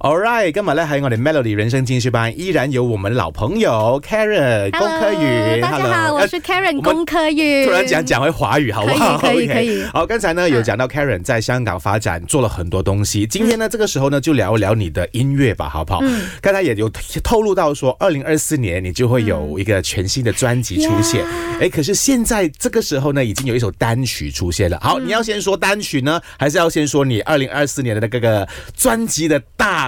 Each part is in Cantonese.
All right，今日還有我的 Melody 人生進修班，依然有我們老朋友 Karen，Hello，龔柯允。大家好，Hello，我是 Karen，龔柯允。突然講講回華語，好不好？可以，可以，可以 okay. 好。剛才呢有講到 Karen 在香港發展做了很多東西，嗯、今天呢這個時候呢就聊一聊你的音樂吧，好不好？剛、嗯、才也有透露到說，二零二四年你就會有一個全新的專輯出現，誒、嗯欸，可是現在這個時候呢已經有一首單曲出現了。好，你要先說單曲呢，還是要先說你二零二四年的那個個專輯的大？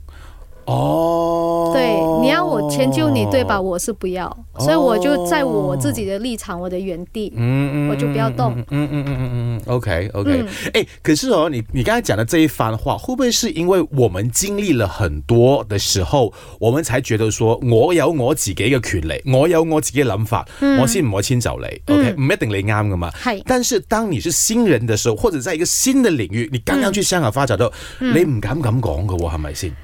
哦、oh,，對，你要我遷就你，對吧？我是不要，oh, 所以我就在我自己的立場，oh, 我的原地，um, um, 我就不要動。嗯嗯嗯嗯嗯 OK OK 嗯。哎、欸，可是哦，你你剛才講的這一番話，會不會是因為我們經歷了很多的時候，我們才覺得說，我有我自己嘅權利，我有我自己諗法，嗯，我先唔好遷就你。OK，唔、嗯、一定你啱㗎嘛。但是當你是新人的時候，或者在一個新的領域，你剛剛去香港發展到，嗯，你唔敢咁講㗎喎，係咪先？嗯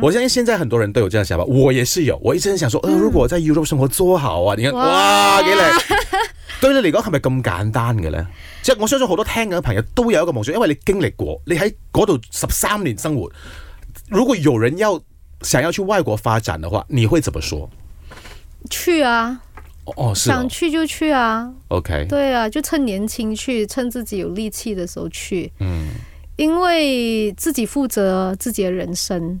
我相信現在很多人都有這樣想法，我也是有。我一直很想說，呃，如果我在歐洲生活多好啊！你看，哇，對了， 對你嚟講係咪咁簡單嘅呢？即係我相信好多聽緊嘅朋友都有一個夢想，因為你經歷過，你喺嗰度十三年生活。如果有人要想要去外國發展的話，你會怎麼說？去啊！哦，是，想去就去啊。OK，對啊，就趁年輕去，趁自己有力氣的時候去。嗯，因為自己負責自己的人生。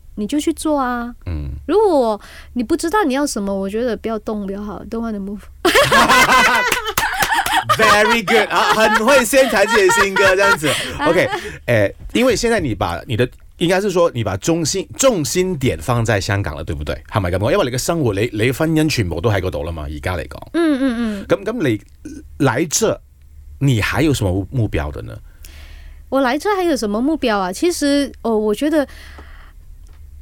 你就去做啊！嗯，如果你不知道你要什麼，我覺得不要動比較好，don't wanna move Very good， 啊，很會宣傳自己的新歌這樣子。OK，誒、欸，因為現在你把你的應該是說你把中心重心點放在香港了，對不對？係咪咁講？因為你嘅生活，你你婚姻全部都喺嗰度啦嘛，而家嚟講，嗯嗯嗯，咁咁你來這，你還有什麼目標的呢？我來這還有什麼目標啊？其實哦，我覺得。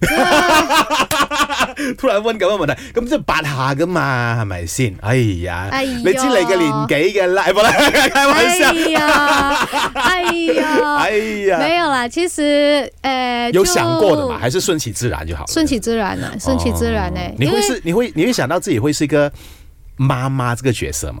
對 突然問咁嘅問題，咁即係八下噶嘛，係咪先？哎呀，哎你知你嘅年紀嘅拉布啦，開玩笑。哎呀，哎呀，哎呀，沒有啦。其實誒、欸，有想過的嘛，還是順其自然就好。順其自然啦、啊，順、嗯、其自然、欸、你會是你會你會想到自己會是一個媽媽這個角色嘛？